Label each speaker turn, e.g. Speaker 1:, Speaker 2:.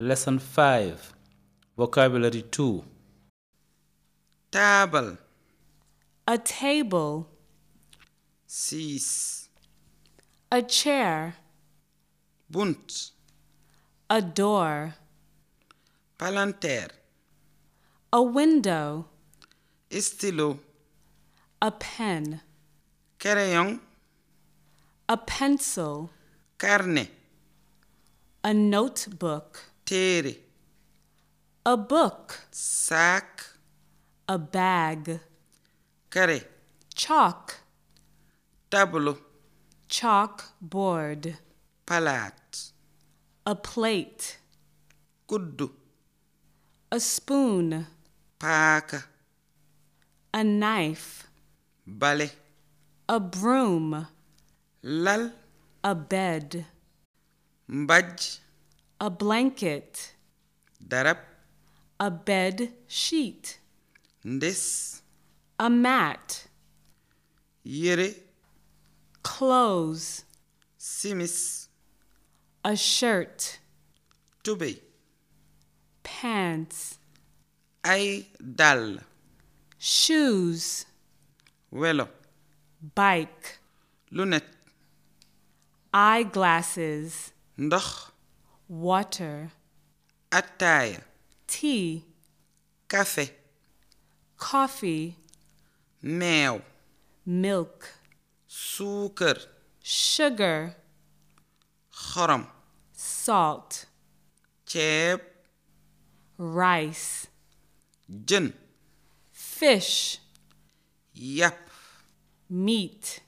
Speaker 1: Lesson 5 Vocabulary 2 Table A table Six A chair Bunt A door Palantir A window Estilo A pen Crayon A pencil Carne A notebook téere a book sac a bag craie chalk tableau chalkboard palaat a plate kuddu a spoon paaka a knife bale a broom lal a bed mbaj a blanket, darab, a bed sheet, ndes, a mat, yere, clothes, simis, a shirt, tubey, pants, ay dal, shoes, welo, bike, lunette, eyeglasses, ndox. water, attaaya, tea, café, coffee, meew, milk, suukar, sugar, xorom, salt, ceeb, rice, jën, fish, yàpp, meat.